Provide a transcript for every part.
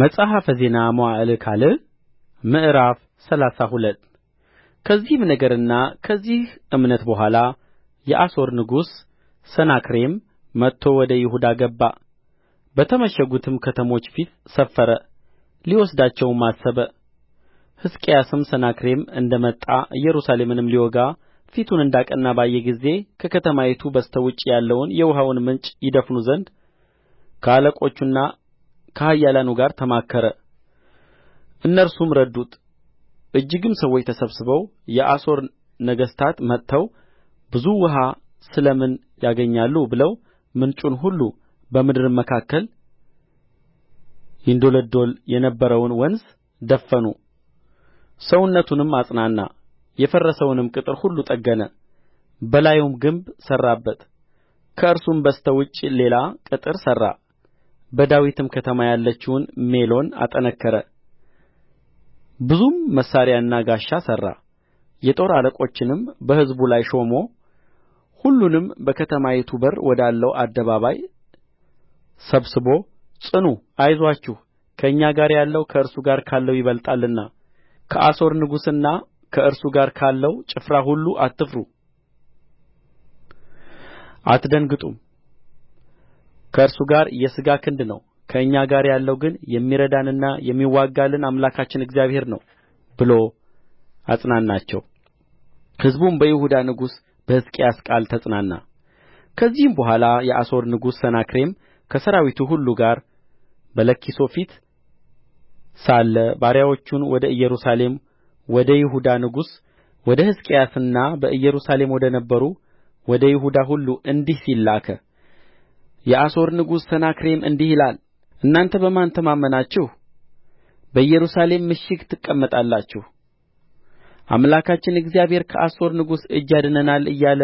መጽሐፈ ዜና መዋዕል ካልዕ ምዕራፍ ሰላሳ ሁለት ከዚህም ነገርና ከዚህ እምነት በኋላ የአሦር ንጉሥ ሰናክሬም መጥቶ ወደ ይሁዳ ገባ በተመሸጉትም ከተሞች ፊት ሰፈረ ሊወስዳቸውም አሰበ ሕዝቅያስም ሰናክሬም እንደ መጣ ኢየሩሳሌምንም ሊወጋ ፊቱን እንዳቀና ባየ ጊዜ ከከተማይቱ በስተ ውጭ ያለውን የውኃውን ምንጭ ይደፍኑ ዘንድ ከአለቆቹና ከኃያላኑ ጋር ተማከረ እነርሱም ረዱት እጅግም ሰዎች ተሰብስበው የአሦር ነገሥታት መጥተው ብዙ ውኃ ስለ ምን ያገኛሉ ብለው ምንጩን ሁሉ በምድርም መካከል ይንዶለዶል የነበረውን ወንዝ ደፈኑ ሰውነቱንም አጽናና የፈረሰውንም ቅጥር ሁሉ ጠገነ በላዩም ግንብ ሠራበት ከእርሱም በስተ ውጭ ሌላ ቅጥር ሠራ በዳዊትም ከተማ ያለችውን ሜሎን አጠነከረ ብዙም መሣሪያና ጋሻ ሠራ የጦር አለቆችንም በሕዝቡ ላይ ሾሞ ሁሉንም በከተማይቱ በር ወዳለው አደባባይ ሰብስቦ ጽኑ አይዞአችሁ ከእኛ ጋር ያለው ከእርሱ ጋር ካለው ይበልጣልና ከአሦር ንጉሥና ከእርሱ ጋር ካለው ጭፍራ ሁሉ አትፍሩ አትደንግጡም ከእርሱ ጋር የሥጋ ክንድ ነው ከእኛ ጋር ያለው ግን የሚረዳንና የሚዋጋልን አምላካችን እግዚአብሔር ነው ብሎ አጽናናቸው ሕዝቡም በይሁዳ ንጉሥ በሕዝቅያስ ቃል ተጽናና ከዚህም በኋላ የአሦር ንጉሥ ሰናክሬም ከሠራዊቱ ሁሉ ጋር በለኪሶ ፊት ሳለ ባሪያዎቹን ወደ ኢየሩሳሌም ወደ ይሁዳ ንጉሥ ወደ ሕዝቅያስና በኢየሩሳሌም ወደ ነበሩ ወደ ይሁዳ ሁሉ እንዲህ ሲል ላከ የአሦር ንጉሥ ሰናክሬም እንዲህ ይላል እናንተ በማን ተማምናችሁ በኢየሩሳሌም ምሽግ ትቀመጣላችሁ አምላካችን እግዚአብሔር ከአሦር ንጉሥ እጅ ያድነናል እያለ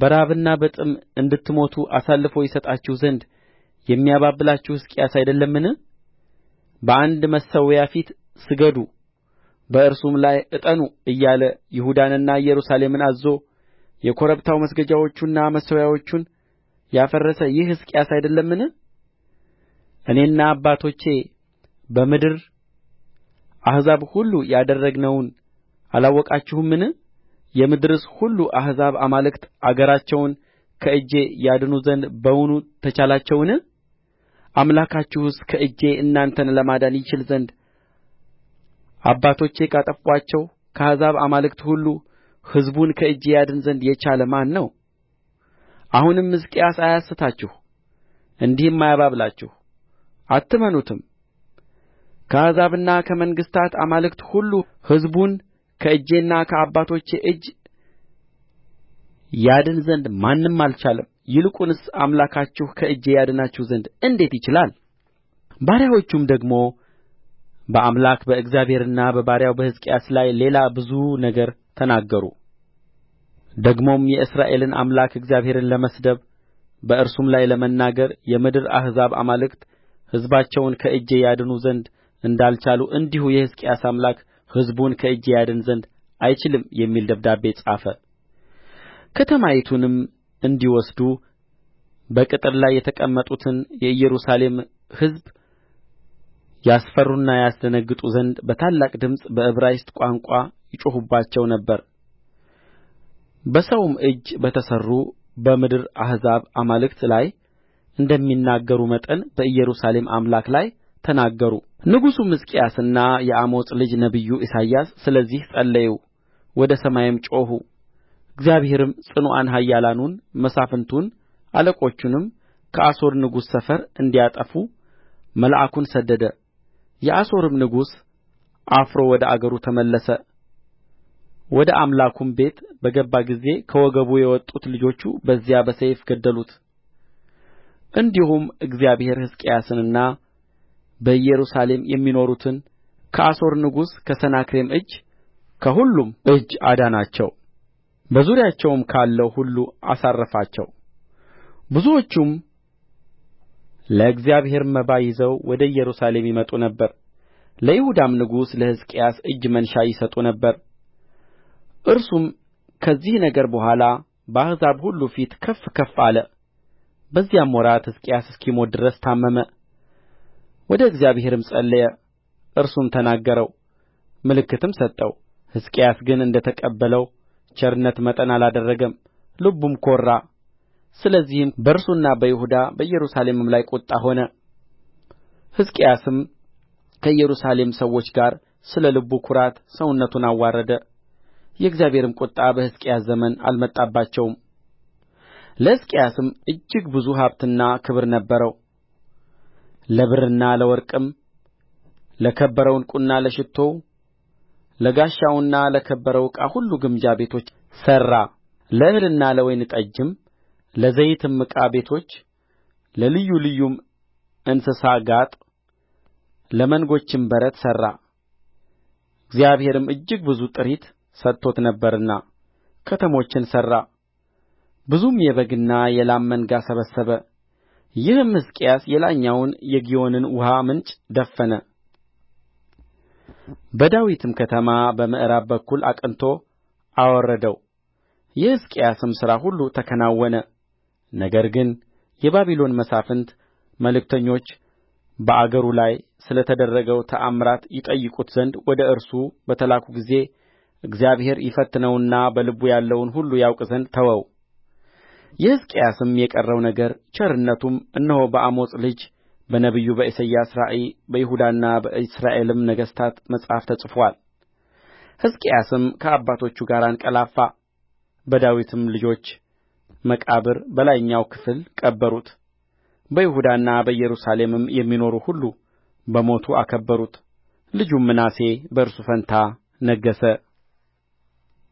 በራብና በጥም እንድትሞቱ አሳልፎ ይሰጣችሁ ዘንድ የሚያባብላችሁ ሕዝቅያስ አይደለምን በአንድ መሠዊያ ፊት ስገዱ በእርሱም ላይ ዕጠኑ እያለ ይሁዳንና ኢየሩሳሌምን አዝዞ የኮረብታው መስገጃዎቹና መሠዊያዎቹን ያፈረሰ ይህ ሕዝቅያስ አይደለምን እኔና አባቶቼ በምድር አሕዛብ ሁሉ ያደረግነውን አላወቃችሁምን የምድርስ ሁሉ አሕዛብ አማልክት አገራቸውን ከእጄ ያድኑ ዘንድ በውኑ ተቻላቸውን አምላካችሁስ ከእጄ እናንተን ለማዳን ይችል ዘንድ አባቶቼ ካጠፉአቸው ከአሕዛብ አማልክት ሁሉ ሕዝቡን ከእጄ ያድን ዘንድ የቻለ ማን ነው አሁንም ሕዝቅያስ አያስታችሁ እንዲህም አያባብላችሁ አትመኑትም ከአሕዛብና ከመንግሥታት አማልክት ሁሉ ሕዝቡን ከእጄና ከአባቶቼ እጅ ያድን ዘንድ ማንም አልቻለም ይልቁንስ አምላካችሁ ከእጄ ያድናችሁ ዘንድ እንዴት ይችላል ባሪያዎቹም ደግሞ በአምላክ በእግዚአብሔርና በባሪያው በሕዝቅያስ ላይ ሌላ ብዙ ነገር ተናገሩ ደግሞም የእስራኤልን አምላክ እግዚአብሔርን ለመስደብ በእርሱም ላይ ለመናገር የምድር አሕዛብ አማልክት ሕዝባቸውን ከእጄ ያድኑ ዘንድ እንዳልቻሉ እንዲሁ የሕዝቅያስ አምላክ ሕዝቡን ከእጄ ያድን ዘንድ አይችልም የሚል ደብዳቤ ጻፈ ከተማይቱንም እንዲወስዱ በቅጥር ላይ የተቀመጡትን የኢየሩሳሌም ሕዝብ ያስፈሩና ያስደነግጡ ዘንድ በታላቅ ድምፅ በዕብራይስጥ ቋንቋ ይጮኹባቸው ነበር በሰውም እጅ በተሠሩ በምድር አሕዛብ አማልክት ላይ እንደሚናገሩ መጠን በኢየሩሳሌም አምላክ ላይ ተናገሩ ንጉሡም ሕዝቅያስና የአሞጽ ልጅ ነቢዩ ኢሳይያስ ስለዚህ ጸለዩ ወደ ሰማይም ጮኹ እግዚአብሔርም ጽኑዓን ኃያላኑን መሳፍንቱን አለቆቹንም ከአሦር ንጉሥ ሰፈር እንዲያጠፉ መልአኩን ሰደደ የአሦርም ንጉሥ አፍሮ ወደ አገሩ ተመለሰ ወደ አምላኩም ቤት በገባ ጊዜ ከወገቡ የወጡት ልጆቹ በዚያ በሰይፍ ገደሉት እንዲሁም እግዚአብሔር ሕዝቅያስንና በኢየሩሳሌም የሚኖሩትን ከአሦር ንጉሥ ከሰናክሬም እጅ ከሁሉም እጅ አዳናቸው በዙሪያቸውም ካለው ሁሉ አሳረፋቸው ብዙዎቹም ለእግዚአብሔር መባ ይዘው ወደ ኢየሩሳሌም ይመጡ ነበር ለይሁዳም ንጉሥ ለሕዝቅያስ እጅ መንሻ ይሰጡ ነበር እርሱም ከዚህ ነገር በኋላ በአሕዛብ ሁሉ ፊት ከፍ ከፍ አለ በዚያም ወራት ሕዝቅያስ እስኪሞት ድረስ ታመመ ወደ እግዚአብሔርም ጸለየ እርሱም ተናገረው ምልክትም ሰጠው ሕዝቅያስ ግን እንደ ተቀበለው ቸርነት መጠን አላደረገም ልቡም ኰራ ስለዚህም በእርሱና በይሁዳ በኢየሩሳሌምም ላይ ቍጣ ሆነ ሕዝቅያስም ከኢየሩሳሌም ሰዎች ጋር ስለ ልቡ ኵራት ሰውነቱን አዋረደ የእግዚአብሔርም ቍጣ በሕዝቅያስ ዘመን አልመጣባቸውም ለሕዝቅያስም እጅግ ብዙ ሀብትና ክብር ነበረው ለብርና ለወርቅም ለከበረው ዕንቍና ለሽቱው ለጋሻውና ለከበረው ዕቃ ሁሉ ግምጃ ቤቶች ሠራ ለእህልና ለወይን ጠጅም ለዘይትም ዕቃ ቤቶች ለልዩ ልዩም እንስሳ ጋጥ ለመንጎችም በረት ሠራ እግዚአብሔርም እጅግ ብዙ ጥሪት ሰጥቶት ነበርና ከተሞችን ሠራ ብዙም የበግና የላም መንጋ ሰበሰበ ይህም ሕዝቅያስ የላይኛውን የግዮንን ውኃ ምንጭ ደፈነ በዳዊትም ከተማ በምዕራብ በኩል አቅንቶ አወረደው የሕዝቅያስም ሥራ ሁሉ ተከናወነ ነገር ግን የባቢሎን መሳፍንት መልእክተኞች በአገሩ ላይ ስለ ተደረገው ተአምራት ይጠይቁት ዘንድ ወደ እርሱ በተላኩ ጊዜ እግዚአብሔር ይፈትነውና በልቡ ያለውን ሁሉ ያውቅ ዘንድ ተወው። የሕዝቅያስም የቀረው ነገር ቸርነቱም እነሆ በአሞጽ ልጅ በነቢዩ በኢሳይያስ ራእይ በይሁዳና በእስራኤልም ነገሥታት መጽሐፍ ተጽፎአል። ሕዝቅያስም ከአባቶቹ ጋር አንቀላፋ፣ በዳዊትም ልጆች መቃብር በላይኛው ክፍል ቀበሩት። በይሁዳና በኢየሩሳሌምም የሚኖሩ ሁሉ በሞቱ አከበሩት። ልጁም ምናሴ በእርሱ ፈንታ ነገሠ።